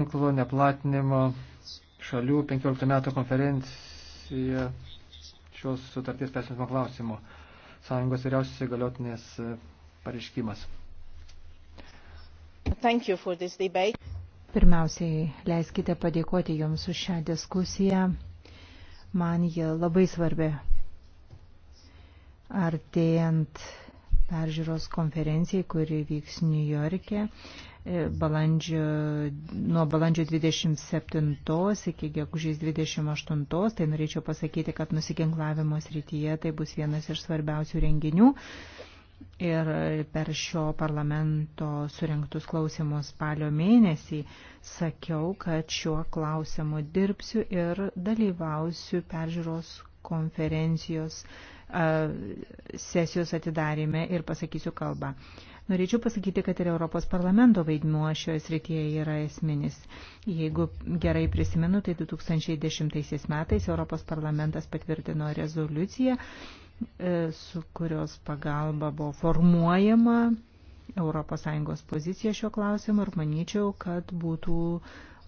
ginklo neplatinimo šalių 15 metų konferencija šios sutarties persinimo klausimo. Sąjungos vyriausios įgaliotinės e, pareiškimas. Pirmiausiai, leiskite padėkoti Jums už šią diskusiją. Man ji labai svarbi. Artėjant peržiūros konferencijai, kuri vyks New York'e e, balandžio, nuo balandžio 27 iki gegužės 28, tai norėčiau pasakyti, kad nusiginklavimo srityje tai bus vienas iš svarbiausių renginių. Ir per šio parlamento surinktus klausimus spalio mėnesį sakiau, kad šiuo klausimu dirbsiu ir dalyvausiu peržiūros konferencijos uh, sesijos atidarime ir pasakysiu kalbą. Norėčiau pasakyti, kad ir Europos parlamento vaidmuo šioje srityje yra esminis. Jeigu gerai prisimenu, tai 2010 metais Europos parlamentas patvirtino rezoliuciją, e, su kurios pagalba buvo formuojama ES pozicija šio klausimu ir manyčiau, kad būtų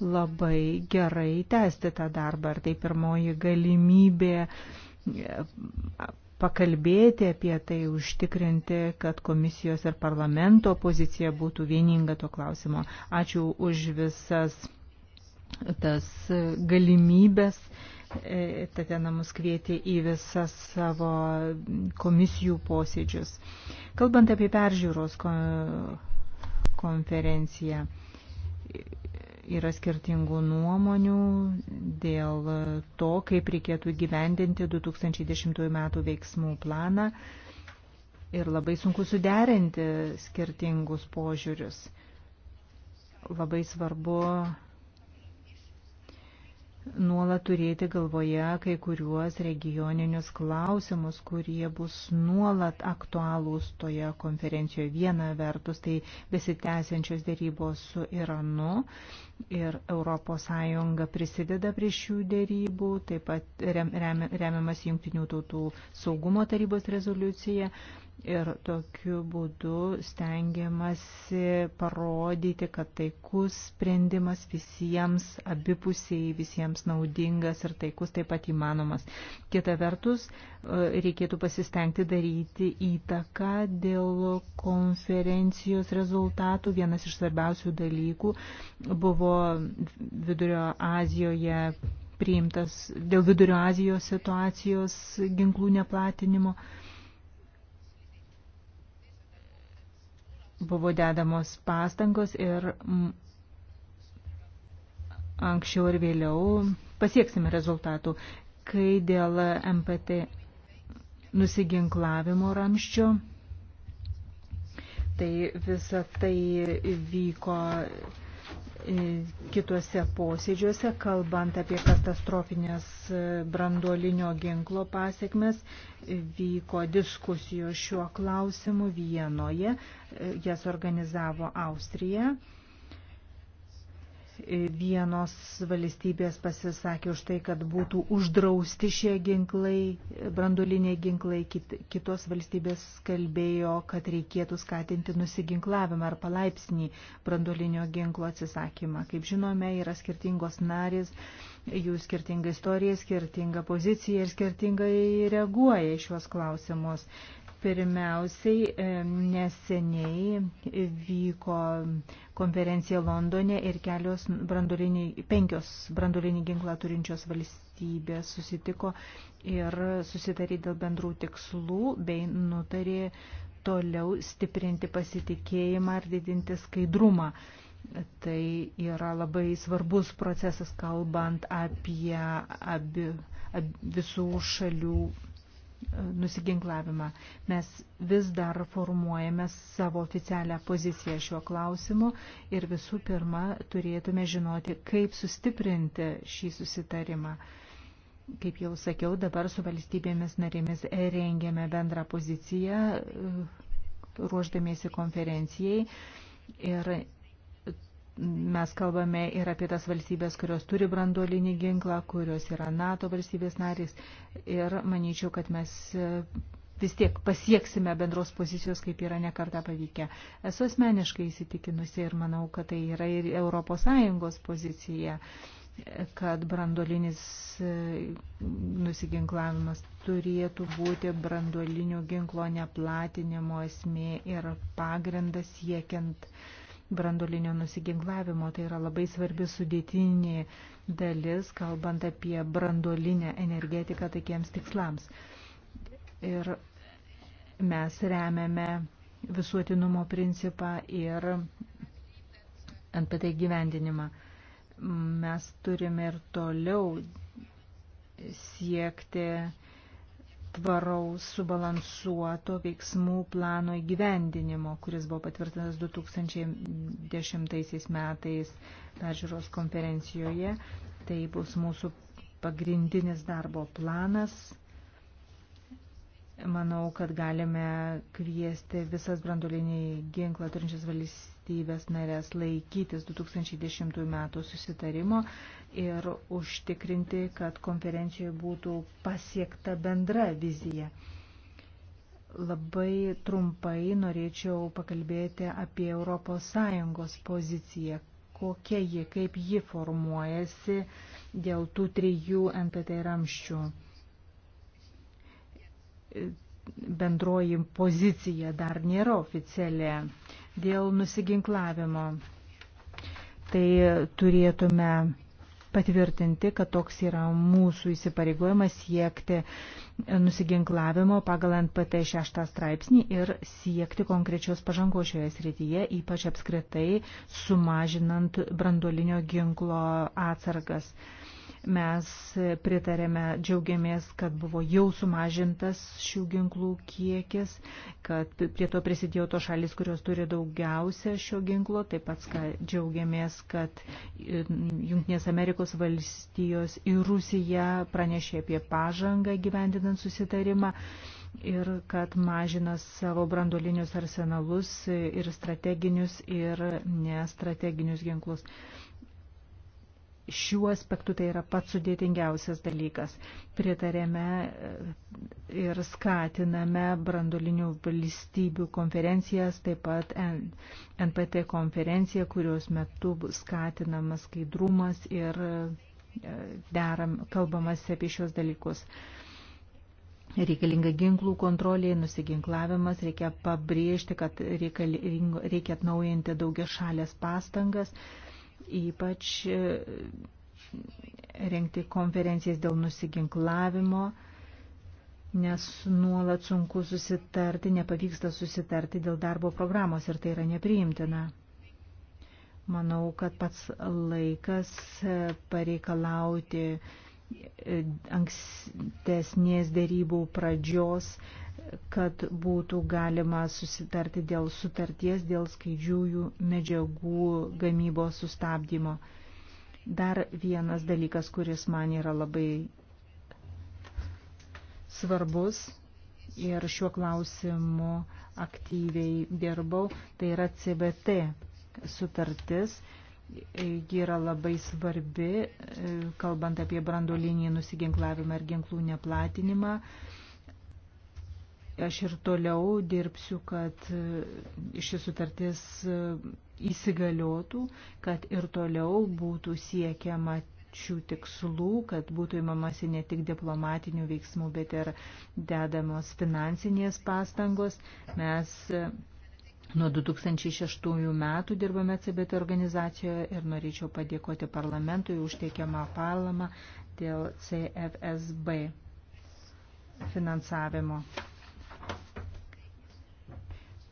labai gerai tęsti tą darbą. Ar tai pirmoji galimybė pakalbėti apie tai, užtikrinti, kad komisijos ir parlamento pozicija būtų vieninga to klausimo. Ačiū už visas tas galimybės. E, Tatena mus kvietė į visas savo komisijų posėdžius. Kalbant apie peržiūros konferenciją, yra skirtingų nuomonių dėl to, kaip reikėtų gyvendinti 2010 m. veiksmų planą ir labai sunku suderinti skirtingus požiūrius. Labai svarbu nuolat turėti galvoje kai kuriuos regioninius klausimus, kurie bus nuolat aktualūs toje konferencijoje. Viena vertus tai besitęsiančios dėrybos su Iranu ir ES prisideda prie šių dėrybų, taip pat remiamas Junktinių tautų saugumo tarybos rezoliucija. Ir tokiu būdu stengiamasi parodyti, kad taikus sprendimas visiems abipusiai, visiems naudingas ir taikus taip pat įmanomas. Kita vertus, e, reikėtų pasistengti daryti įtaką dėl konferencijos rezultatų. Vienas iš svarbiausių dalykų buvo Vidurio Azijoje priimtas dėl Vidurio Azijos situacijos ginklų neplatinimo. buvo dedamos pastangos ir anksčiau ir vėliau pasieksime rezultatų. Kai dėl MPT nusiginklavimo ramščio, tai visa tai vyko E, kituose posėdžiuose, kalbant apie katastrofinės e, branduolinio ginklo pasiekmes, e, vyko diskusijos šiuo klausimu vienoje, jas organizavo Austrija vienos valstybės pasisakė už tai, kad būtų uždrausti šie ginklai, branduliniai ginklai, kitos valstybės kalbėjo, kad reikėtų skatinti nusiginklavimą ar palaipsnį brandulinio ginklo atsisakymą. Kaip žinome, yra skirtingos narės, jų skirtinga istorija, skirtinga pozicija ir skirtingai reaguoja į šios klausimus. Pirmiausiai e, neseniai vyko konferencija Londone ir kelios branduliniai, penkios brandulinį ginklą turinčios valstybės susitiko ir susitarė dėl bendrų tikslų bei nutarė toliau stiprinti pasitikėjimą ir didinti skaidrumą. Tai yra labai svarbus procesas, kalbant apie abi, ab, visų šalių nusiginklavimą. Mes vis dar formuojame savo oficialią poziciją šiuo klausimu ir visų pirma turėtume žinoti, kaip sustiprinti šį susitarimą. Kaip jau sakiau, dabar su valstybėmis narėmis rengėme bendrą poziciją e, ruoždamiesi konferencijai ir mes kalbame ir apie tas valstybės, kurios turi branduolinį ginklą, kurios yra NATO valstybės narys. Ir manyčiau, kad mes e, vis tiek pasieksime bendros pozicijos, kaip yra nekarta pavykę. Esu asmeniškai įsitikinusi ir manau, kad tai yra ir ES pozicija kad branduolinis e, nusiginklavimas turėtų būti branduolinio ginklo neplatinimo esmė ir pagrindas siekiant uh, brandolinio nusiginklavimo. Tai yra labai svarbi sudėtinė dalis, kalbant apie brandolinę energetiką tokiems tikslams. Ir mes remiame visuotinumo principą ir NPT gyvendinimą. Mes turime ir toliau siekti tvaraus subalansuoto veiksmų plano įgyvendinimo, kuris buvo patvirtintas 2010 metais peržiūros konferencijoje. Tai bus mūsų pagrindinis darbo planas. Manau, kad galime kviesti visas brandulinį ginklą turinčias valstybės valstybės narės laikytis 2010 metų susitarimo ir užtikrinti, kad konferencijoje būtų pasiekta bendra vizija. Labai trumpai norėčiau pakalbėti apie ES poziciją, kokia ji, kaip ji formuojasi dėl tų trijų NPT ramščių. Bendroji pozicija dar nėra oficialė dėl nusiginklavimo. Tai turėtume patvirtinti, kad toks yra mūsų įsipareigojimas siekti nusiginklavimo pagal NPT 6 straipsnį ir siekti konkrečios pažangos šioje srityje, ypač apskritai sumažinant brandolinio ginklo atsargas. Mes pritarėme, džiaugiamės, kad buvo jau sumažintas šių ginklų kiekis, kad prie to prisidėjo to šalis, kurios turi daugiausia šio ginklo. Taip pat džiaugiamės, kad Junktinės Amerikos valstijos ir Rusija pranešė apie pažangą gyvendinant susitarimą ir kad mažina savo brandolinius arsenalus ir strateginius ir nestrateginius ginklus šiuo aspektu tai yra pats sudėtingiausias dalykas. Pritarėme e, ir skatiname brandolinių valstybių konferencijas, taip pat NPT konferenciją, kurios metu skatinamas skaidrumas ir e, deram, kalbamas apie šios dalykus. Reikalinga ginklų kontrolė, nusiginklavimas, reikia pabrėžti, kad reikia atnaujinti daugia šalės pastangas, ypač e, rengti konferencijas dėl nusiginklavimo, nes nuolat sunku susitarti, nepavyksta susitarti dėl darbo programos ir tai yra nepriimtina. Manau, kad pats laikas e, pareikalauti e, ankstesnės dėrybų pradžios kad būtų galima susitarti dėl sutarties, dėl skaidžiųjų medžiagų gamybos sustabdymo. Dar vienas dalykas, kuris man yra labai svarbus ir šiuo klausimu aktyviai dirbau, tai yra CBT sutartis. Ji yra labai svarbi, kalbant apie brandolinį nusiginklavimą ir ginklų neplatinimą. Aš ir toliau dirbsiu, kad e, ši sutartis e, įsigaliotų, kad ir toliau būtų siekiama šių tikslų, kad būtų įmamasi ne tik diplomatinių veiksmų, bet ir dedamos finansinės pastangos. Mes e, nuo 2006 metų dirbame CBT organizacijoje ir norėčiau padėkoti parlamentui užteikiamą palamą dėl CFSB finansavimo.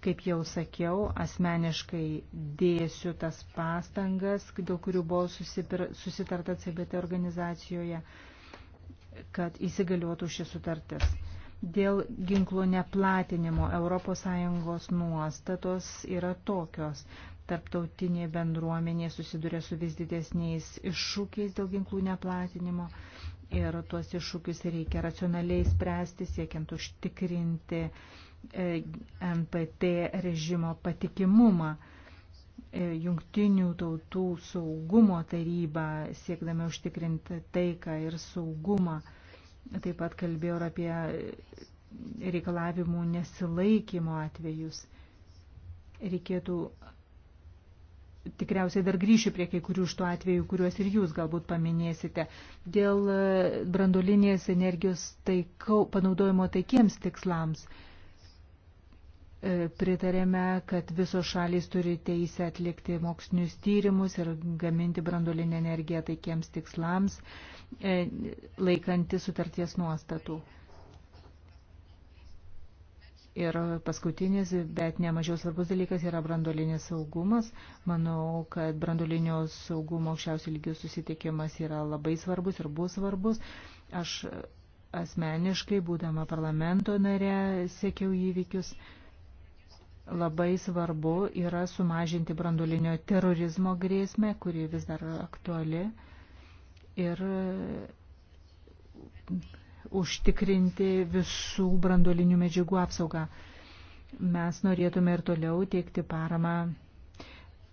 Kaip jau sakiau, asmeniškai dėsiu tas pastangas, dėl kurių buvo susitarta CBT organizacijoje, kad įsigaliuotų šis sutartis. Dėl ginklo neplatinimo ES nuostatos yra tokios. Tarptautinė bendruomenė susiduria su vis didesniais iššūkiais dėl ginklų neplatinimo ir tuos iššūkius reikia racionaliai spręsti, siekiant užtikrinti uh, NPT e, režimo patikimumą. E, Jungtinių tautų saugumo taryba siekdami užtikrinti taiką ir saugumą. Taip pat kalbėjau ir apie reikalavimų nesilaikymo atvejus. Reikėtų tikriausiai dar grįšiu prie kai kurių iš tų atvejų, kuriuos ir jūs galbūt paminėsite, dėl brandolinės energijos taikau, panaudojimo taikiems tikslams. E, E, pritarėme, kad visos šalys turi teisę atlikti mokslinius tyrimus ir gaminti brandolinę energiją taikiems tikslams, e, laikanti sutarties nuostatų. Ir paskutinis, bet nemažiau svarbus dalykas yra brandolinis saugumas. Manau, kad brandolinio saugumo aukščiausių lygių susitikimas yra labai svarbus ir bus svarbus. Aš asmeniškai, būdama parlamento nare, sėkiau įvykius labai svarbu yra sumažinti branduolinio terorizmo grėsmę, kuri vis dar aktuali, ir e, užtikrinti visų branduolinių medžiagų apsaugą. Mes norėtume ir toliau teikti paramą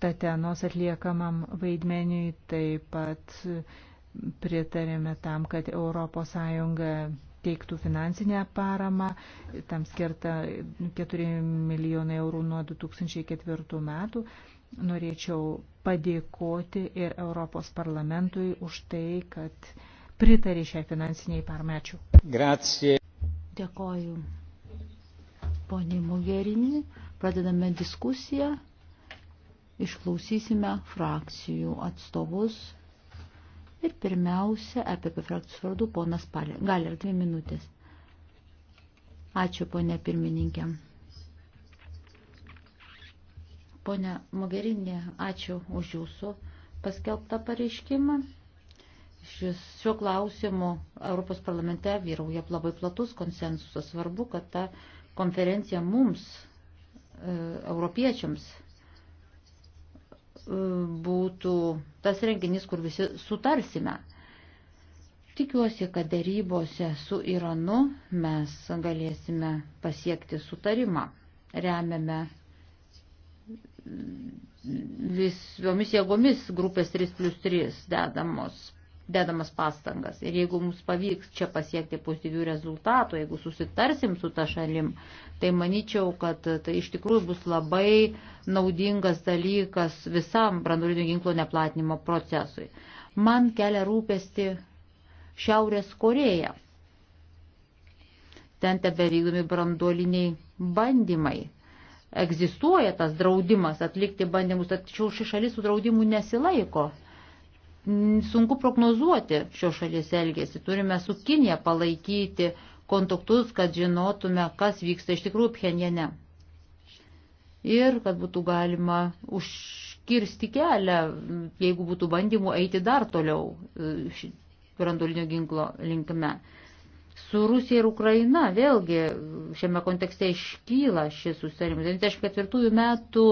Tatenos atliekamam vaidmeniui, taip pat pritarėme tam, kad ES teiktų finansinę paramą, tam skirta 4 milijonai eurų nuo 2004 metų. Norėčiau padėkoti ir Europos parlamentui už tai, kad pritarė šiai finansiniai parmečių. Grazie. Dėkoju. Pone Mugerini, pradedame diskusiją. Išklausysime frakcijų atstovus. Ir pirmiausia, apie frakcijos vardų ponas Palė. Gal ir dvi minutės. Ačiū, ponė pirmininkė. Pone Mogerinė, ačiū už jūsų paskelbtą pareiškimą. Šis, šiuo klausimu Europos parlamente vyrauja labai platus konsensusas. Svarbu, kad ta konferencija mums, e, europiečiams, E, būtų tas renginys, kur visi sutarsime. Tikiuosi, kad darybose su Iranu mes galėsime pasiekti sutarimą. Remiame visomis jėgomis grupės 3 plus 3 dedamos dedamas pastangas. Ir jeigu mums pavyks čia pasiekti pozityvių rezultatų, jeigu susitarsim su ta šalim, tai manyčiau, kad tai iš tikrųjų bus labai naudingas dalykas visam branduolinio ginklo neplatinimo procesui. Man kelia rūpesti Šiaurės Koreja. Ten tebe vykdomi branduoliniai bandymai. Egzistuoja tas draudimas atlikti bandymus, tačiau ši šalis su draudimu nesilaiko sunku prognozuoti šio šalies elgesį. Turime su Kinė palaikyti kontaktus, kad žinotume, kas vyksta iš tikrųjų Pchenjane. Ir kad būtų galima užkirsti kelią, jeigu būtų bandymų eiti dar toliau e, brandolinio ginklo linkme. Su Rusija ir Ukraina vėlgi šiame kontekste iškyla šis susitarimas. 1994 metų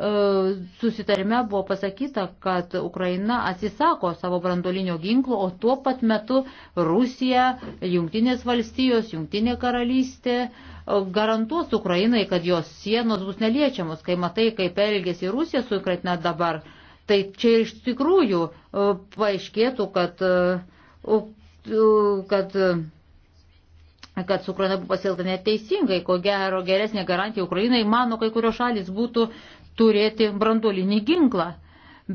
E, susitarime buvo pasakyta, kad Ukraina atsisako savo brandolinio ginklo, o tuo pat metu Rusija, Jungtinės valstijos, Jungtinė karalystė e, garantuos Ukrainai, kad jos sienos bus neliečiamos, kai matai, kaip elgėsi Rusija su Ukraina dabar. Tai čia iš tikrųjų e, paaiškėtų, kad, kad kad su Ukraina buvo pasielgta neteisingai, ko gero geresnė garantija Ukrainai, mano kai kurios šalis būtų turėti brandolinį ginklą,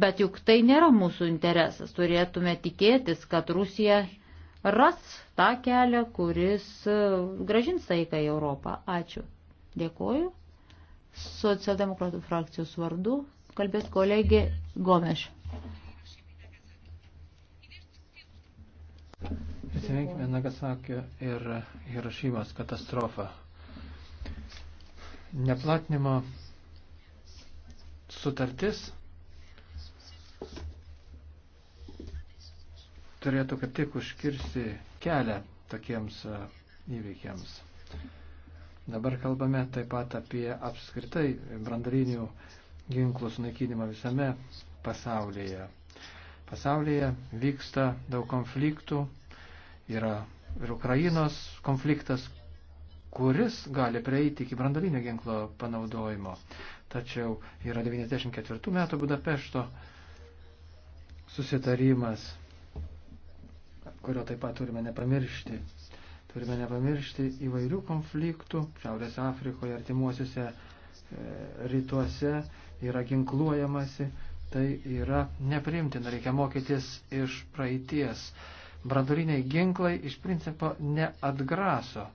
bet juk tai nėra mūsų interesas. Turėtume tikėtis, kad Rusija ras tą kelią, kuris e, gražins taiką į Europą. Ačiū. Dėkoju. Socialdemokratų frakcijos vardu kalbės kolegė Gomeš. Prisiminkime Nagasakio ir Hirošimos katastrofą. Neplatinimo sutartis turėtų kaip tik užkirsti kelią tokiems e, įvykiams. Dabar kalbame taip pat apie apskritai brandalinių ginklų sunaikinimą visame pasaulyje. Pasaulyje vyksta daug konfliktų, yra ir Ukrainos konfliktas, kuris gali prieiti iki brandalinio ginklo panaudojimo tačiau yra 94 metų Budapešto susitarimas, kurio taip pat turime nepamiršti. Turime nepamiršti įvairių konfliktų Šiaurės Afrikoje, artimuosiuose e, rytuose yra ginkluojamasi, tai yra neprimtina, reikia mokytis iš praeities. Brandoliniai ginklai iš principo neatgraso.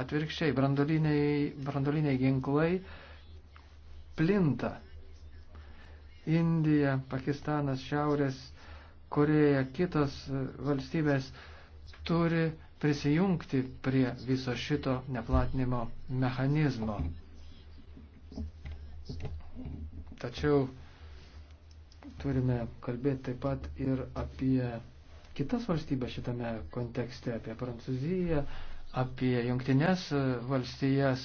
Atvirkščiai, brandoliniai, brandoliniai ginklai plinta. Indija, Pakistanas, Šiaurės Koreja, kitos valstybės turi prisijungti prie viso šito neplatinimo mechanizmo. Tačiau turime kalbėti taip pat ir apie kitas valstybės šitame kontekste, apie Prancūziją, apie jungtinės valstijas,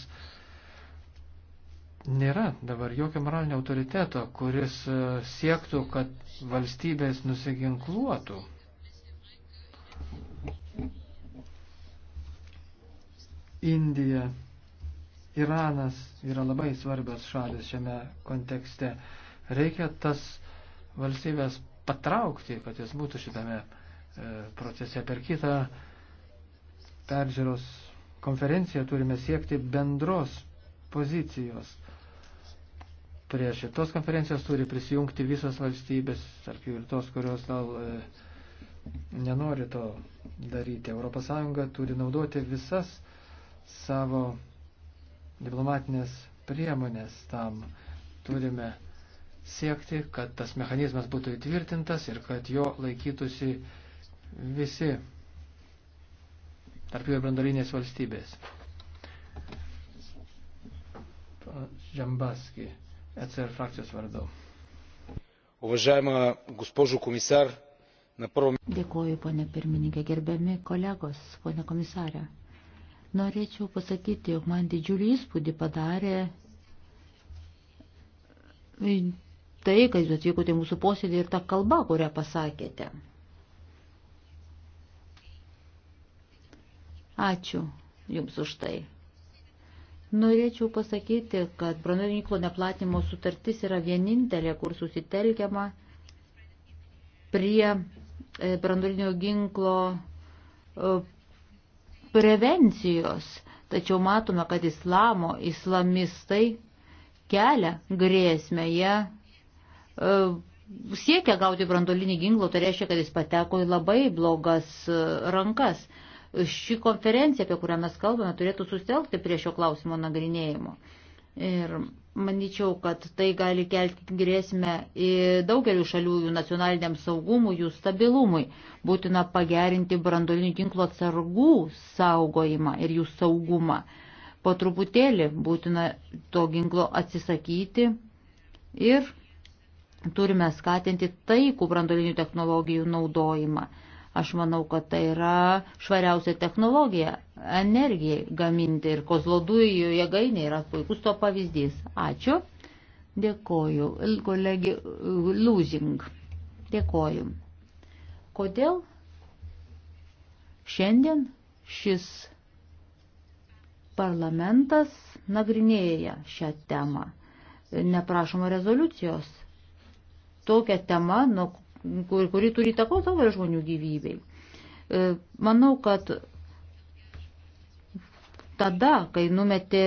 nėra dabar jokio moralinio autoriteto, kuris e, siektų, kad valstybės nusiginkluotų. Indija, Iranas yra labai svarbios šalis šiame kontekste. Reikia tas valstybės patraukti, kad jis būtų šitame e, procese. Per kitą peržiūros konferenciją turime siekti bendros pozicijos. Prie šitos konferencijos turi prisijungti visos valstybės, tarp jų ir tos, kurios gal e, nenori to daryti. ES turi naudoti visas savo diplomatinės priemonės tam. Turime siekti, kad tas mechanizmas būtų įtvirtintas ir kad jo laikytųsi visi, tarp jų ir brandalinės valstybės. Žambaski, ECR frakcijos vardu. Уважаема госпожо комисар, на първо... Dėkuoju, ponė pirmininkė, gerbiami kolegos, ponė komisarė. Norėčiau pasakyti, jog man didžiulį įspūdį padarė tai, kad jūs atvykote į mūsų posėdį ir tą kalbą, kurią pasakėte. Ačiū Jums už tai. Norėčiau pasakyti, kad branduolinio ginklo neplatimo sutartis yra vienintelė, kur susitelkiama prie e, branduolinio ginklo e, prevencijos. Tačiau matome, kad islamo islamistai kelia grėsmę, jie e, siekia gauti brandolinį ginklą, tai reiškia, kad jis pateko į labai blogas rankas ši konferencija, apie kurią mes kalbame, turėtų sustelkti prie šio klausimo nagrinėjimo. Ir manyčiau, kad tai gali kelti grėsmę į daugelių šalių jų nacionaliniam saugumui, jų stabilumui. Būtina pagerinti brandolinių ginklo atsargų saugojimą ir jų saugumą. Po truputėlį būtina to ginklo atsisakyti ir turime skatinti taikų brandolinių technologijų naudojimą. Aš manau, kad tai yra švariausia technologija energijai gaminti ir kozlodujų jėgainė yra puikus to pavyzdys. Ačiū. Dėkoju. Kolegi Lūzing. Dėkoju. Kodėl šiandien šis parlamentas nagrinėja šią temą? Neprašoma rezoliucijos. Tokią temą, nuo kuri, kuri turi tako tavo žmonių gyvybei. E, manau, kad tada, kai numetė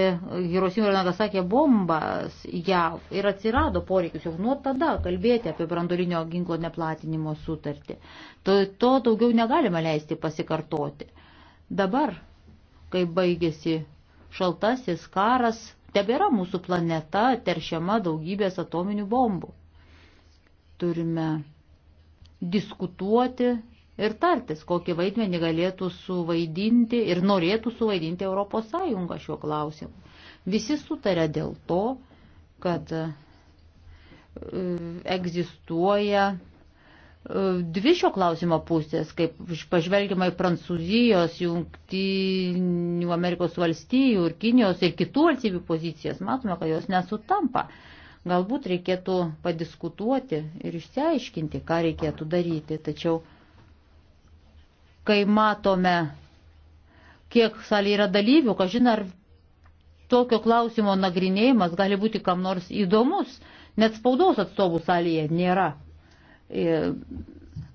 Hirosimo ir Nagasakė bombas JAV ir atsirado poreikis jau nuo tada kalbėti apie brandolinio ginklo neplatinimo sutartį. To, to daugiau negalima leisti pasikartoti. Dabar, kai baigėsi šaltasis karas, tebėra mūsų planeta teršiama daugybės atominių bombų. Turime diskutuoti ir tartis, kokį vaidmenį galėtų suvaidinti ir norėtų suvaidinti ES šiuo klausimu. Visi sutarė dėl to, kad e, egzistuoja e, dvi šio klausimo pusės, kaip pažvelgiama į Prancūzijos, Junktinių Amerikos valstijų ir Kinijos ir kitų valstybių pozicijas, matome, kad jos nesutampa. Galbūt reikėtų padiskutuoti ir išsiaiškinti, ką reikėtų daryti. Tačiau, kai matome, kiek salė yra dalyvių, kažin ar tokio klausimo nagrinėjimas gali būti kam nors įdomus, net spaudos atstovų salėje nėra. E,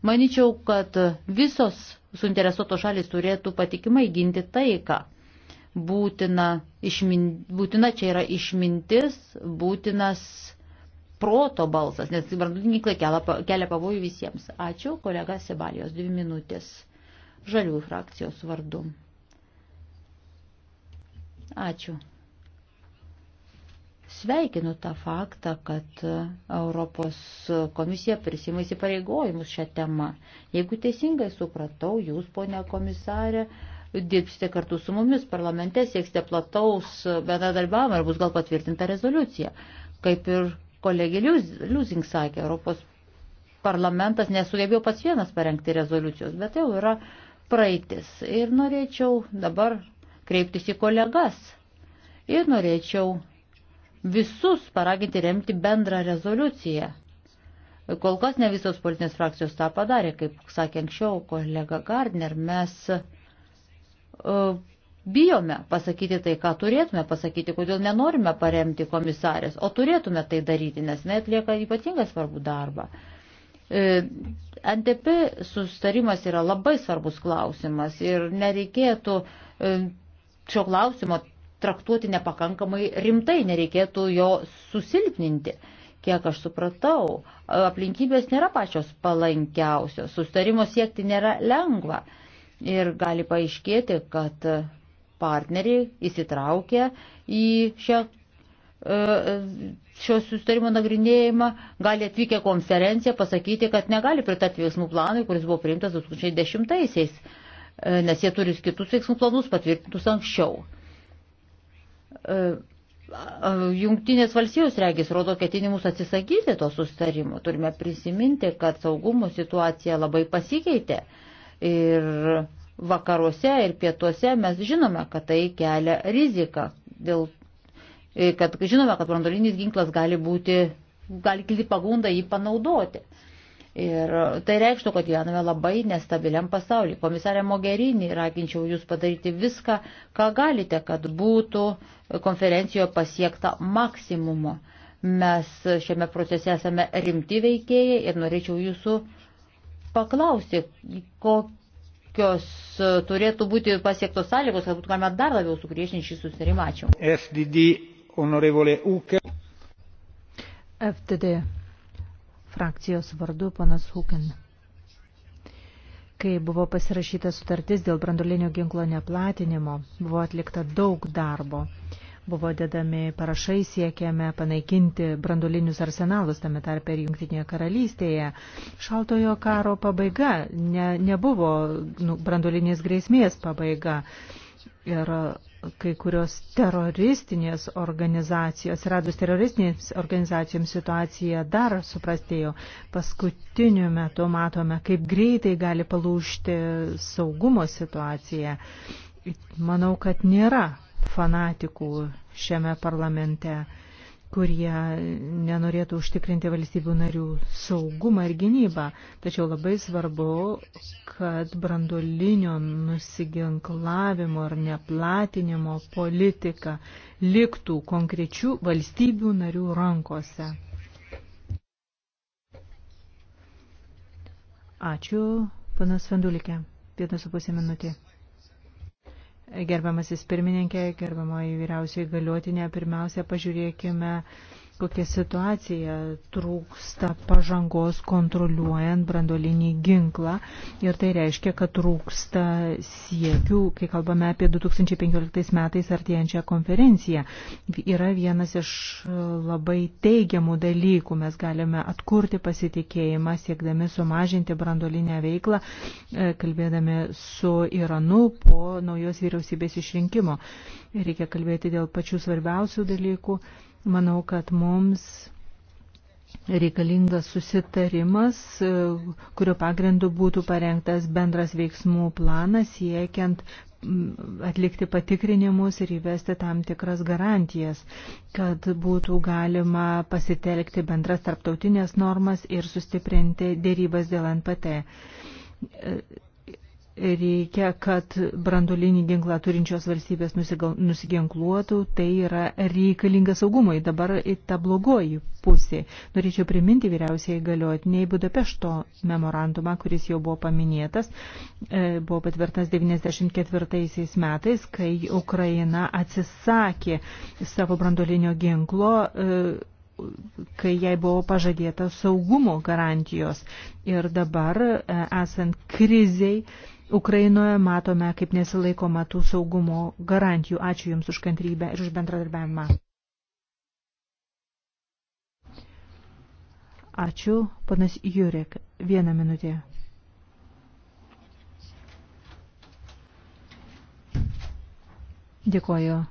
Maničiau, kad visos suinteresuotos šalis turėtų patikimai ginti taiką būtina, išmin, būtina čia yra išmintis, būtinas proto balsas, nes branduoliniai kelia pavojų visiems. Ačiū, kolega Sebalijos, dvi minutės. Žalių frakcijos vardu. Ačiū. Sveikinu tą faktą, kad Europos komisija prisimais įpareigojimus šią temą. Jeigu teisingai supratau, jūs, ponia komisarė, dirbsite kartu su mumis parlamente, sieksite plataus bendradarbiavimo ir bus gal patvirtinta rezoliucija. Kaip ir kolegė Liuzing sakė, Europos parlamentas nesugebėjo pats vienas parengti rezoliucijos, bet jau yra praeitis. Ir norėčiau dabar kreiptis į kolegas. Ir norėčiau visus paraginti remti bendrą rezoliuciją. Kol kas ne visos politinės frakcijos tą padarė, kaip sakė anksčiau kolega Gardner, mes E, bijome pasakyti tai, ką turėtume pasakyti, kodėl nenorime paremti komisarės, o turėtume tai daryti, nes net lieka ypatingai svarbu darbą. E, NTP sustarimas yra labai svarbus klausimas ir nereikėtų e, šio klausimo traktuoti nepakankamai rimtai, nereikėtų jo susilpninti. Kiek aš supratau, aplinkybės nėra pačios palankiausios, sustarimo siekti nėra lengva ir gali paaiškėti, kad partneriai įsitraukia į šią e, šio sustarimo nagrinėjimą, gali atvykę konferenciją pasakyti, kad negali pritarti veiksmų planui, kuris buvo priimtas 2010-aisiais, e, nes jie turi kitus veiksmų planus patvirtintus anksčiau. E, Jungtinės valstijos regis rodo ketinimus atsisakyti to sustarimo. Turime prisiminti, kad saugumo situacija labai pasikeitė. Ir vakaruose ir pietuose mes žinome, kad tai kelia riziką. Dėl, e, kad žinome, kad brandolinis ginklas gali būti, gali kilti pagundą jį panaudoti. Ir tai reikštų, kad gyvename labai nestabiliam pasaulyje. Komisarė Mogherini, raginčiau jūs padaryti viską, ką galite, kad būtų konferencijoje pasiekta maksimumo. Mes šiame procese esame rimti veikėjai ir norėčiau jūsų paklausti, kokios turėtų būti pasiektos sąlygos, kad būtų galima dar labiau sukriešinti šį susitarimą. Ačiū. FDD, honorevole Ūkė. FDD frakcijos vardu panas Hukin. Kai buvo pasirašyta sutartis dėl brandolinio ginklo neplatinimo, buvo atlikta daug darbo buvo dedami parašai siekiame panaikinti brandolinius arsenalus, tame tarpe ir Junktinėje karalystėje. Šaltojo karo pabaiga ne, nebuvo nu, brandolinės grėsmės pabaiga. Ir kai kurios teroristinės organizacijos, radus teroristinės organizacijoms situacija dar suprastėjo. Paskutiniu metu matome, kaip greitai gali palūžti saugumo situacija. Manau, kad nėra fanatikų šiame parlamente, kurie nenorėtų užtikrinti valstybių narių saugumą ir gynybą. Tačiau labai svarbu, kad brandolinio nusiginklavimo ar neplatinimo politika liktų konkrečių valstybių narių rankose. Ačiū, panas Vendulikė. Pietas su pusė minutė. Gerbiamasis pirmininkė, gerbiamoji vyriausiai galiotinė, pirmiausia pažiūrėkime kokia situacija trūksta pažangos kontroliuojant brandolinį ginklą ir tai reiškia, kad trūksta siekių, kai kalbame apie 2015 metais artėjančią konferenciją. Yra vienas iš e, labai teigiamų dalykų, mes galime atkurti pasitikėjimą, siekdami sumažinti brandolinę veiklą, e, kalbėdami su Iranu po naujos vyriausybės išrinkimo. Reikia kalbėti dėl pačių svarbiausių dalykų. Manau, kad mums reikalingas susitarimas, e, kurio pagrindu būtų parengtas bendras veiksmų planas siekiant atlikti patikrinimus ir įvesti tam tikras garantijas, kad būtų galima pasitelkti bendras tarptautinės normas ir sustiprinti dėrybas dėl NPT e, reikia, kad brandolinį ginklą turinčios valstybės nusiginkluotų, tai yra reikalinga saugumui. Dabar į tą blogoji pusė. Norėčiau priminti vyriausiai galiotiniai Budapešto memorandumą, kuris jau buvo paminėtas, e, buvo patvirtas 94 metais, kai Ukraina atsisakė savo brandolinio ginklo e, kai jai buvo pažadėta saugumo garantijos. Ir dabar, e, esant kriziai, Ukrainoje matome, kaip nesilaikoma tų saugumo garantijų. Ačiū Jums už kantrybę ir už bendradarbiavimą. Ačiū, panas Jurek. Vieną minutę. Dėkoju.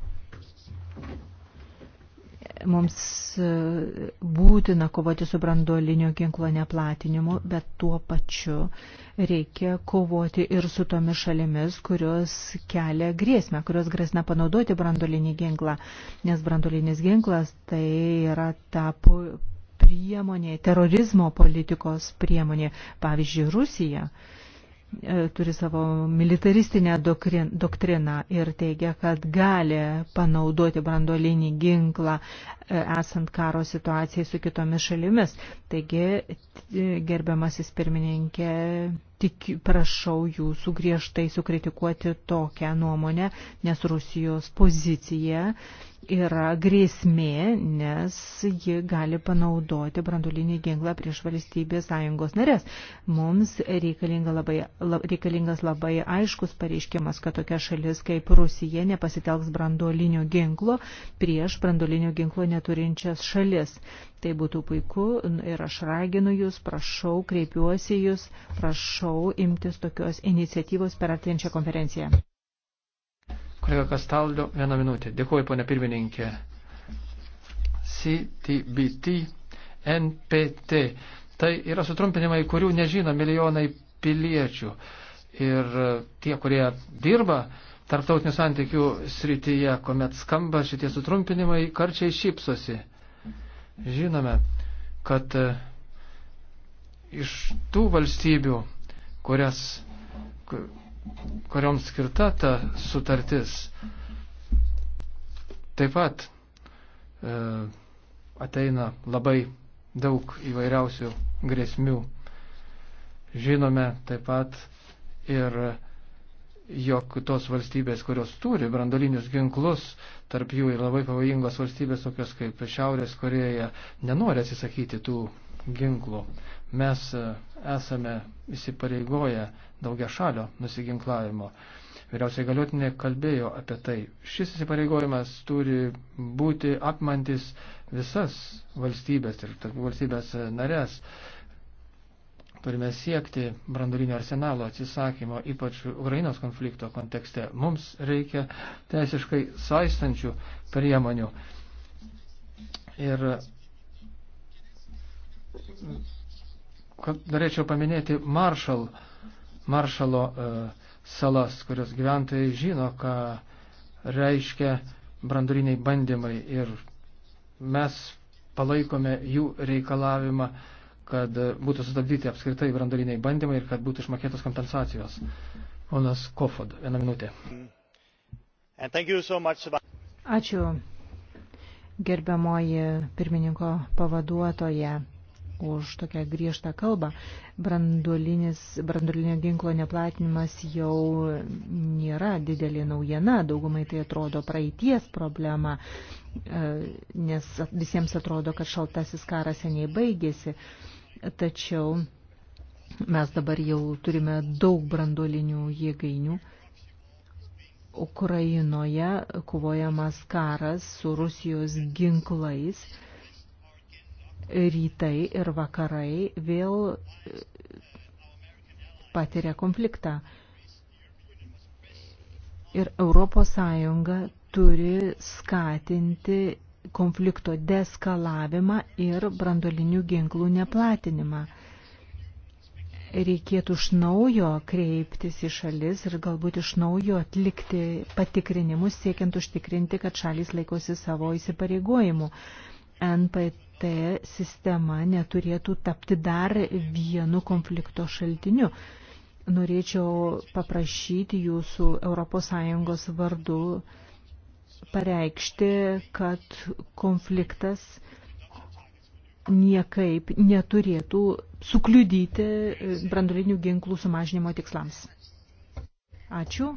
Mums e, būtina kovoti su branduolinio ginklo neplatinimu, bet tuo pačiu reikia kovoti ir su tomis šalimis, kurios kelia grėsmę, kurios grasina panaudoti branduolinį ginklą, nes branduolinis ginklas tai yra ta priemonė, terorizmo politikos priemonė, pavyzdžiui, Rusija. Uh, E, turi savo militaristinę doktriną ir teigia, kad gali panaudoti brandolinį ginklą E, esant karo situacijai su kitomis šalimis. Taigi, gerbiamasis pirmininkė, tik prašau jūsų griežtai sukritikuoti tokią nuomonę, nes Rusijos pozicija yra grėsmė, nes ji gali panaudoti brandulinį ginklą prieš valstybės sąjungos narės. Mums reikalinga labai, lab, reikalingas labai aiškus pareiškimas, kad tokia šalis kaip Rusija nepasitelks branduolinio ginklo prieš branduolinio ginklo nedalyvavimą neturinčias šalis. Tai būtų puiku ir aš raginu jūs, prašau, kreipiuosi jūs, prašau imtis tokios iniciatyvos per atėjančią konferenciją. Kolega Kastaldo, vieną minutę. Dėkuoju, ponia pirmininkė. CTBT, NPT. Tai yra sutrumpinimai, kurių nežino milijonai piliečių. Ir tie, kurie dirba tarptautinių santykių srityje, kuomet skamba šitie sutrumpinimai, karčiai šypsosi. Žinome, kad e, iš tų valstybių, kurias, kurioms skirta ta sutartis, taip pat e, ateina labai daug įvairiausių grėsmių. Žinome taip pat ir jog tos valstybės, kurios turi brandolinius ginklus, tarp jų ir labai pavojingos valstybės, tokios kaip Šiaurės Koreja, nenori atsisakyti tų ginklų. Mes e, esame įsipareigoję daugia šalio nusiginklavimo. Vyriausiai galiotinė kalbėjo apie tai. Šis įsipareigojimas turi būti apmantis visas valstybės ir valstybės e, narės. Turime siekti brandulinio arsenalo atsisakymo, ypač Ukrainos konflikto kontekste. Mums reikia teisiškai saistančių priemonių. Ir norėčiau paminėti Maršal, Maršalo uh, e, salas, kurios gyventojai žino, ką reiškia branduriniai bandymai ir mes palaikome jų reikalavimą uh, kad būtų sustabdyti apskritai brandoliniai bandymai ir kad būtų išmokėtos kompensacijos. Ponas Kofod, vieną minutę. So much... Ačiū, gerbiamoji pirmininko pavaduotoje, už tokią griežtą kalbą. Branduolinio ginklo neplatinimas jau nėra didelė naujiena, daugumai tai atrodo praeities problema, e, nes visiems atrodo, kad šaltasis karas seniai baigėsi. Tačiau mes dabar jau turime daug brandolinių jėgainių. Ukrainoje kovojamas karas su Rusijos ginklais. Rytai ir vakarai vėl patiria konfliktą. Ir Europos Sąjunga turi skatinti konflikto deskalavimą ir brandolinių ginklų neplatinimą. Reikėtų iš naujo kreiptis į šalis ir galbūt iš naujo atlikti patikrinimus, siekiant užtikrinti, kad šalis laikosi savo įsipareigojimų. NPT sistema neturėtų tapti dar vienu konflikto šaltiniu. Norėčiau paprašyti jūsų ES vardu pareikšti, kad konfliktas niekaip neturėtų sukliudyti brandulinių ginklų sumažinimo tikslams. Ačiū.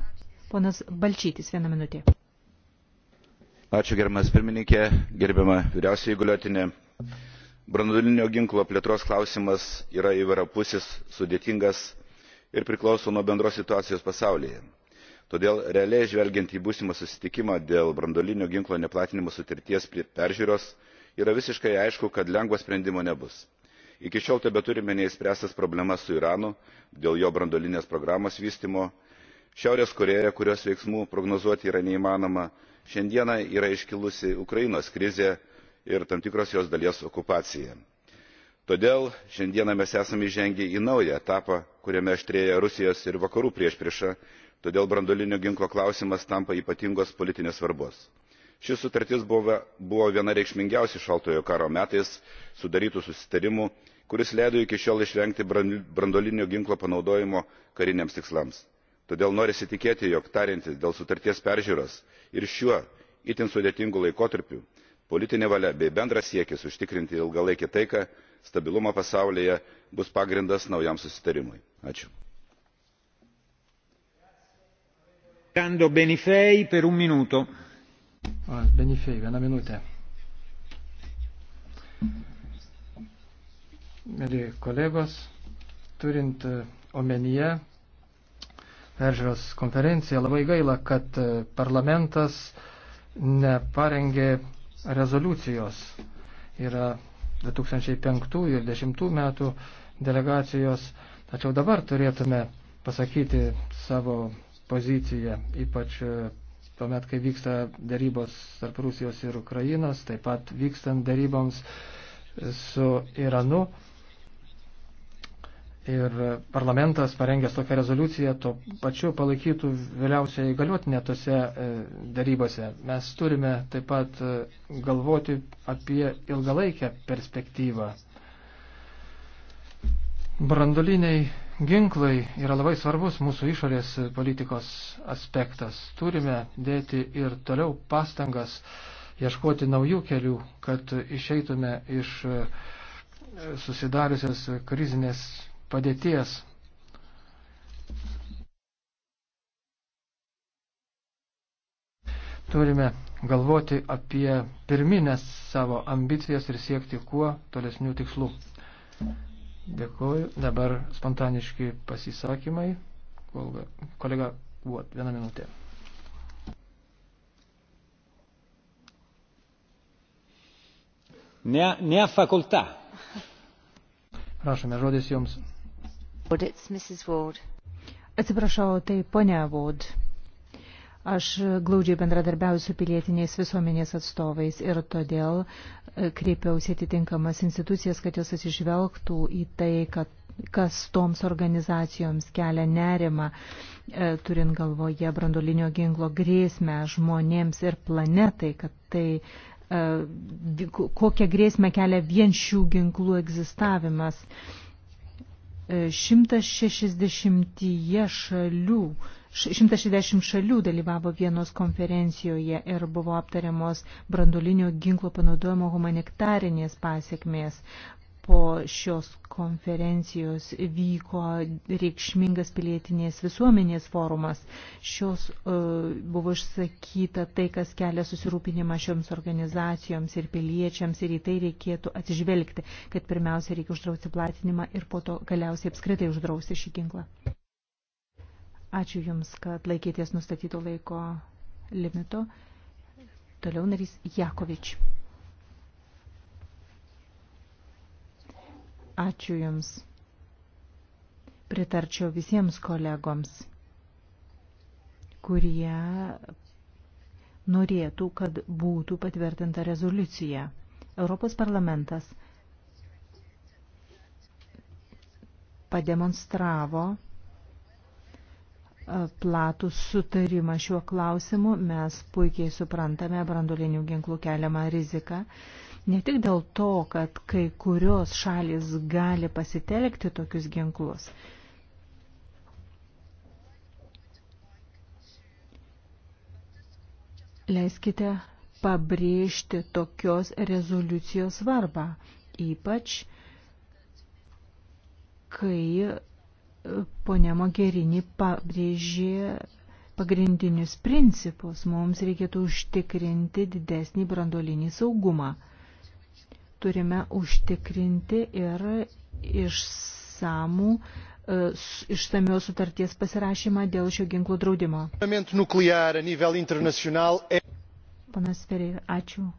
Ponas Balčytis, vieną minutę. Ačiū gerbiamas pirmininkė, gerbiama vyriausiai įgaliotinė. Branduolinio ginklo plėtros klausimas yra įvairapusis, sudėtingas ir priklauso nuo bendros situacijos pasaulyje todėl realiai žvelgiant į būsimą susitikimą dėl branduolinio ginklo neplatinimo sutarties peržiūros yra visiškai aišku kad lengvo sprendimo nebus. iki šiol tebeturime neišspręstas problemas su iranu dėl jo branduolinės programos vystymo šiaurės korėja kurios veiksmų prognozuoti yra neįmanoma šiandieną yra iškilusi ukrainos krizė ir tam tikros jos dalies okupacija. todėl šiandieną mes esame įžengę į naują etapą kuriame aštrėja rusijos ir vakarų priešprieša todėl branduolinio ginklo klausimas tampa ypatingos politinės svarbos. ši sutartis buvo viena reikšmingiausių šaltojo karo metais sudarytų susitarimų kuris leido iki šiol išvengti branduolinio ginklo panaudojimo kariniams tikslams. todėl norisi tikėti jog tariantis dėl sutarties peržiūros ir šiuo itin sudėtingu laikotarpiu politinė valia bei bendras siekis užtikrinti ilgalaikę taiką stabilumą pasaulyje bus pagrindas naujam susitarimui. Ando Benifei per un minuto. Ah, Benifei, vieną minutę. Mėly kolegos, turint eh, omenyje peržiūros konferenciją, labai gaila, kad eh, parlamentas neparengė rezoliucijos. Yra 2005 ir 2010 metų delegacijos, tačiau dabar turėtume pasakyti savo poziciją, ypač e, tuomet, kai vyksta darybos tarp Rusijos ir Ukrainos, taip pat vykstant daryboms su Iranu. Ir parlamentas parengęs tokią rezoliuciją, to pačiu palaikytų vėliausiai įgaliotinę tose e, darybose. Mes turime taip pat e, galvoti apie ilgalaikę perspektyvą. Brandoliniai Ginklai yra labai svarbus mūsų išorės politikos aspektas. Turime dėti ir toliau pastangas ieškoti naujų kelių, kad išeitume iš e, susidariusios krizinės padėties. Turime galvoti apie pirminės savo ambicijas ir siekti kuo tolesnių tikslų. Dėkuoju. Dabar spontaniški pasisakymai. Kolega, vat, vieną minutę. Ne, ne fakulta. Prašome, žodis jums. Atsiprašau, tai ponia Vod. Aš glaudžiai bendradarbiauju su pilietiniais visuomenės atstovais ir todėl e, kreipiausi atitinkamas institucijas, kad jos atsižvelgtų į tai, kad, kas toms organizacijoms kelia nerima, e, turint galvoje brandolinio ginklo grėsmę žmonėms ir planetai, kad tai e, kokią grėsmę kelia vien šių ginklų egzistavimas. 160 šalių 160 šalių dalyvavo vienos konferencijoje ir buvo aptariamos brandolinio ginklo panaudojimo humanitarinės pasiekmės. Po šios konferencijos vyko reikšmingas pilietinės visuomenės forumas. Šios uh, buvo išsakyta tai, kas kelia susirūpinimą šioms organizacijoms ir piliečiams ir į tai reikėtų atsižvelgti, kad pirmiausia reikia uždrausti platinimą ir po to galiausiai apskritai uždrausti šį ginklą. Ačiū Jums, kad laikyties nustatyto laiko limito. Toliau narys Jakovič. Ačiū Jums. Pritarčiau visiems kolegoms, kurie norėtų, kad būtų patvirtinta rezoliucija. Europos parlamentas pademonstravo platų sutarimą šiuo klausimu. Mes puikiai suprantame brandolinių ginklų keliamą riziką. Ne tik dėl to, kad kai kurios šalis gali pasitelkti tokius ginklus. Leiskite pabrėžti tokios rezoliucijos svarbą, ypač kai ponia Mogherini pabrėžė pagrindinius principus. Mums reikėtų užtikrinti didesnį brandolinį saugumą. Turime užtikrinti ir išsamų e, išsamios sutarties pasirašymą dėl šio ginklo draudimo. Panas Ferreira, ačiū.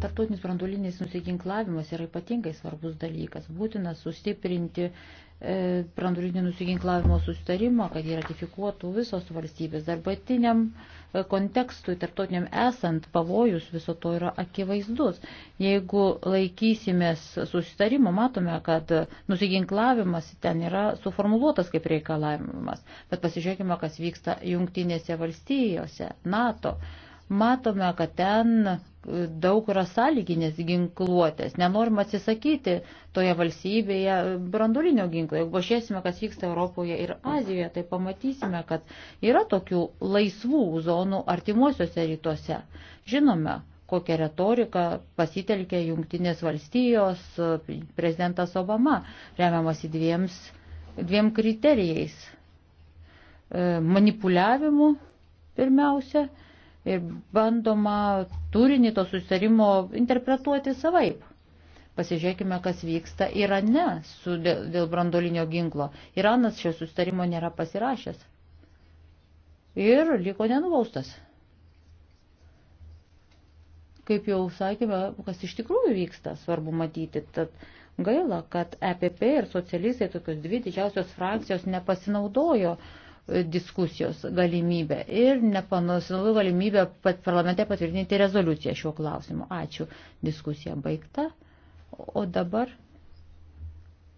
Tartautinis branduolinis nusiginklavimas yra ypatingai svarbus dalykas. Būtina sustiprinti e, branduolinį nusiginklavimo sustarimą, kad jį ratifikuotų visos valstybės. Darbatiniam e, kontekstui, tarptautiniam esant, pavojus viso to yra akivaizdus. Jeigu laikysimės sustarimo, matome, kad nusiginklavimas ten yra suformuluotas kaip reikalavimas. Bet pasižiūrėkime, kas vyksta jungtinėse valstijose, NATO matome, kad ten daug yra sąlyginės ginkluotės. Nenorim atsisakyti toje valstybėje brandulinio ginklo. Jeigu pažiūrėsime, kas vyksta Europoje ir Azijoje, tai pamatysime, kad yra tokių laisvų zonų artimuosiuose rytuose. Žinome, kokią retoriką pasitelkė Junktinės valstijos prezidentas Obama, remiamasi dviems, dviem kriterijais. E, manipuliavimu pirmiausia ir bandoma turinį to susitarimo interpretuoti savaip. Pasižiūrėkime, kas vyksta Irane su, dėl, dėl brandolinio ginklo. Iranas šio susitarimo nėra pasirašęs. Ir liko nenubaustas. Kaip jau sakėme, kas iš tikrųjų vyksta, svarbu matyti. Tad gaila, kad EPP ir socialistai, tokios dvi didžiausios frakcijos, nepasinaudojo uh, diskusijos galimybę ir nepanausinau galimybę pat parlamente patvirtinti rezoliuciją šiuo klausimu. Ačiū. Diskusija baigta. O dabar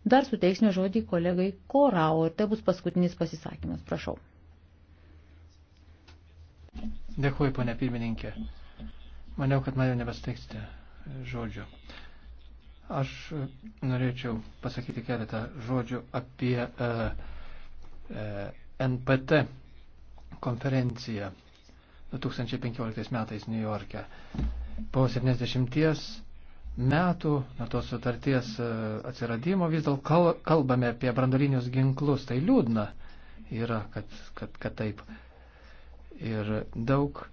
dar suteiksime žodį kolegai Korao ir tai bus paskutinis pasisakymas. Prašau. Dėkuoju, ponė pirmininkė. Maniau, kad man jau nebesteiksite žodžių. Aš norėčiau pasakyti keletą žodžių apie uh, e, uh, e, NPT konferencija 2015 metais New York'e. Po 70 metų nuo tos sutarties e, atsiradimo vis dėl kalbame apie brandolinius ginklus. Tai liūdna yra, kad, kad, kad taip. Ir daug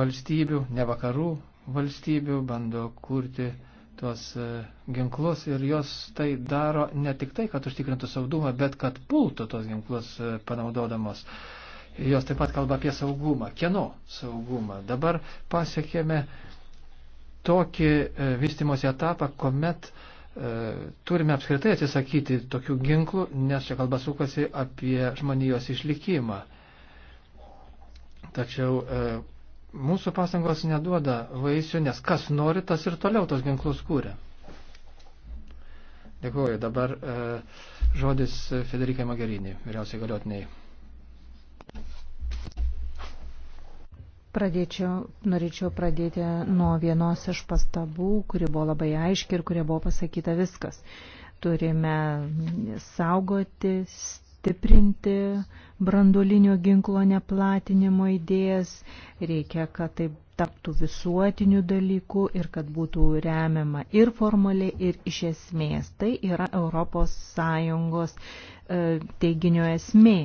valstybių, ne vakarų valstybių, bando kurti tuos e, ginklus ir jos tai daro ne tik tai, kad užtikrintų saugumą, bet kad pultų tuos ginklus e, panaudodamos. Jos taip pat kalba apie saugumą, kieno saugumą. Dabar pasiekėme tokį e, vystimosi etapą, kuomet e, turime apskritai atsisakyti tokių ginklų, nes čia kalba sukasi apie žmonijos išlikimą. Tačiau e, Mūsų pasangos neduoda vaisių, nes kas nori, tas ir toliau tos ginklus kūrė. Dėkuoju. Dabar e, žodis Federikai Magerinį, vyriausiai galiotiniai. Pradėčiau, norėčiau pradėti nuo vienos iš pastabų, kuri buvo labai aiški ir kurie buvo pasakyta viskas. Turime saugoti, stiprinti brandolinio ginklo neplatinimo idėjas, reikia, kad tai taptų visuotiniu dalyku ir kad būtų remiama ir formaliai, ir iš esmės. Tai yra ES e, teiginio esmė.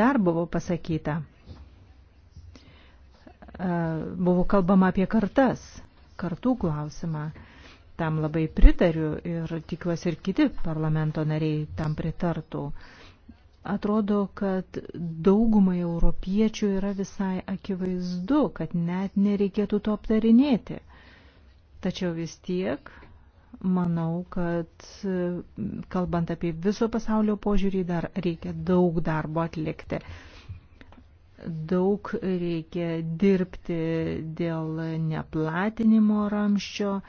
Dar buvo pasakyta, e, buvo kalbama apie kartas, kartų klausimą tam labai pritariu ir tikiuosi ir kiti parlamento nariai tam pritartų. Atrodo, kad daugumai europiečių yra visai akivaizdu, kad net nereikėtų to aptarinėti. Tačiau vis tiek manau, kad kalbant apie viso pasaulio požiūrį, dar reikia daug darbo atlikti. Daug reikia dirbti dėl neplatinimo ramščio,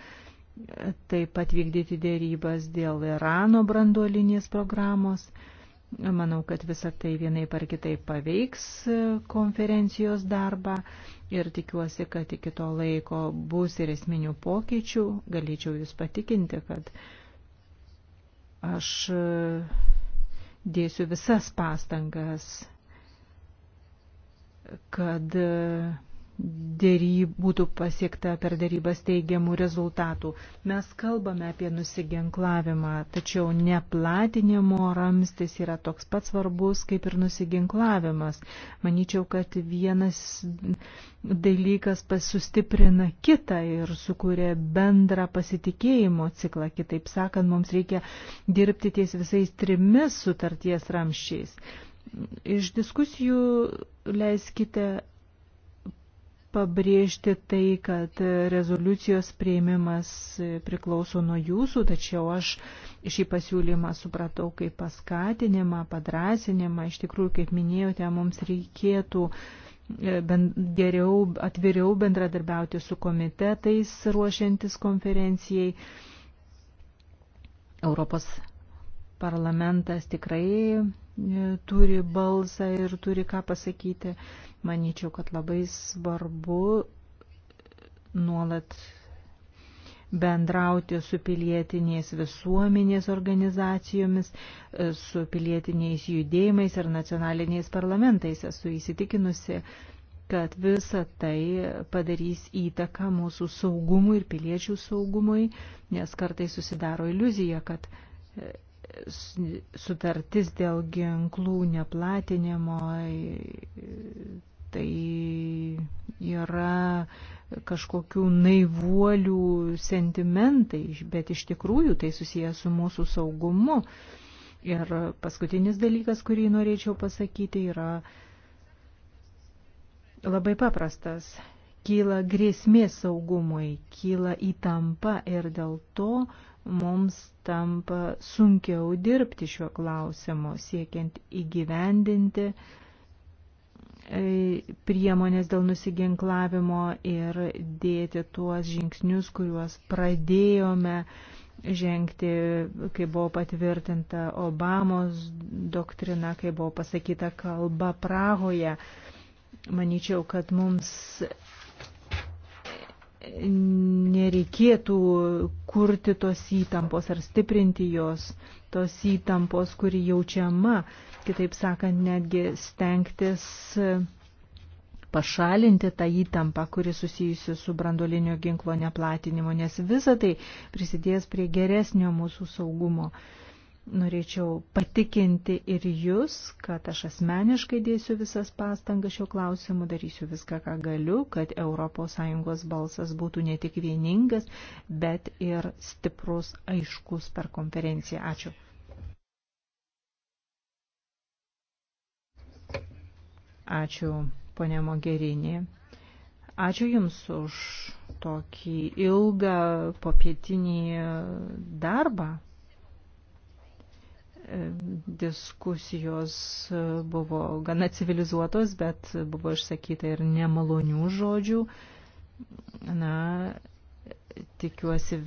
taip pat vykdyti dėrybas dėl Irano branduolinės programos. Manau, kad visa tai vienai par kitai paveiks konferencijos darbą ir tikiuosi, kad iki to laiko bus ir esminių pokyčių. Galėčiau Jūs patikinti, kad aš dėsiu visas pastangas, kad dėryb, būtų pasiekta per dėrybas teigiamų rezultatų. Mes kalbame apie nusiginklavimą, tačiau neplatinimo ramstis yra toks pat svarbus kaip ir nusiginklavimas. Manyčiau, kad vienas dalykas pasustiprina kitą ir sukuria bendrą pasitikėjimo ciklą. Kitaip sakant, mums reikia dirbti ties visais trimis sutarties ramščiais. Iš diskusijų leiskite pabrėžti tai, kad rezoliucijos prieimimas priklauso nuo jūsų, tačiau aš šį pasiūlymą supratau kaip paskatinimą, padrasinimą. Iš tikrųjų, kaip minėjote, mums reikėtų e, geriau, atviriau bendradarbiauti su komitetais ruošiantis konferencijai. Europos parlamentas tikrai e, turi balsą ir turi ką pasakyti. Manyčiau, kad labai svarbu nuolat bendrauti su pilietinės visuomenės organizacijomis, e, su pilietiniais judėjimais ir nacionaliniais parlamentais. Esu įsitikinusi, kad visa tai padarys įtaką mūsų saugumui ir piliečių saugumui, nes kartai susidaro iliuzija, kad e, sutartis dėl ginklų neplatinimo, tai yra kažkokių naivuolių sentimentai, bet iš tikrųjų tai susijęs su mūsų saugumu. Ir paskutinis dalykas, kurį norėčiau pasakyti, yra labai paprastas. Kyla grėsmė saugumui, kyla įtampa ir dėl to, uh, mums tampa sunkiau dirbti šiuo klausimu, siekiant įgyvendinti e, priemonės dėl nusiginklavimo ir dėti tuos žingsnius, kuriuos pradėjome žengti, kai buvo patvirtinta Obamos doktrina, kai buvo pasakyta kalba Prahoje. Maničiau, kad mums nereikėtų kurti tos įtampos ar stiprinti jos, tos įtampos, kuri jaučiama, kitaip sakant, netgi stengtis pašalinti tą įtampą, kuri susijusi su brandolinio ginklo neplatinimu, nes visa tai prisidės prie geresnio mūsų saugumo. Uh, Norėčiau patikinti ir jūs, kad aš asmeniškai dėsiu visas pastangas šio klausimu, darysiu viską, ką galiu, kad ES balsas būtų ne tik vieningas, bet ir stiprus, aiškus per konferenciją. Ačiū. Ačiū, ponė Mogerinė. Ačiū Jums už tokį ilgą popietinį darbą diskusijos buvo gana civilizuotos, bet buvo išsakyta ir nemalonių žodžių. Na, tikiuosi vis